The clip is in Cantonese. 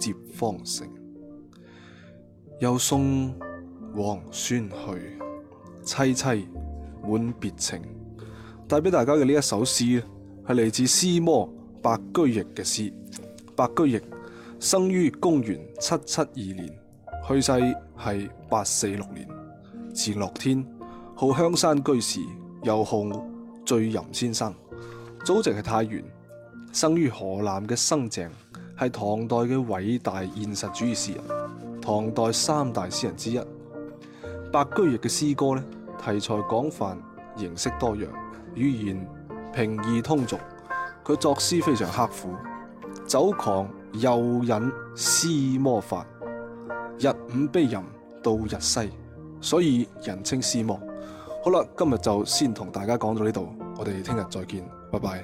接荒城，又送王孫去，萋萋滿別情。帶俾大家嘅呢一首詩咧，係嚟自詩魔白居易嘅詩。白居易,白居易生於公元七七二年，去世係八四六年，字樂天，號香山居士，又號醉吟先生，祖籍係太原，生於河南嘅新鄭。係唐代嘅偉大現實主義詩人，唐代三大詩人之一。白居易嘅詩歌呢，題材廣泛，形式多樣，語言平易通俗。佢作詩非常刻苦，酒狂又引詩魔發，日午悲吟到日西，所以人稱詩魔。好啦，今日就先同大家講到呢度，我哋聽日再見，拜拜。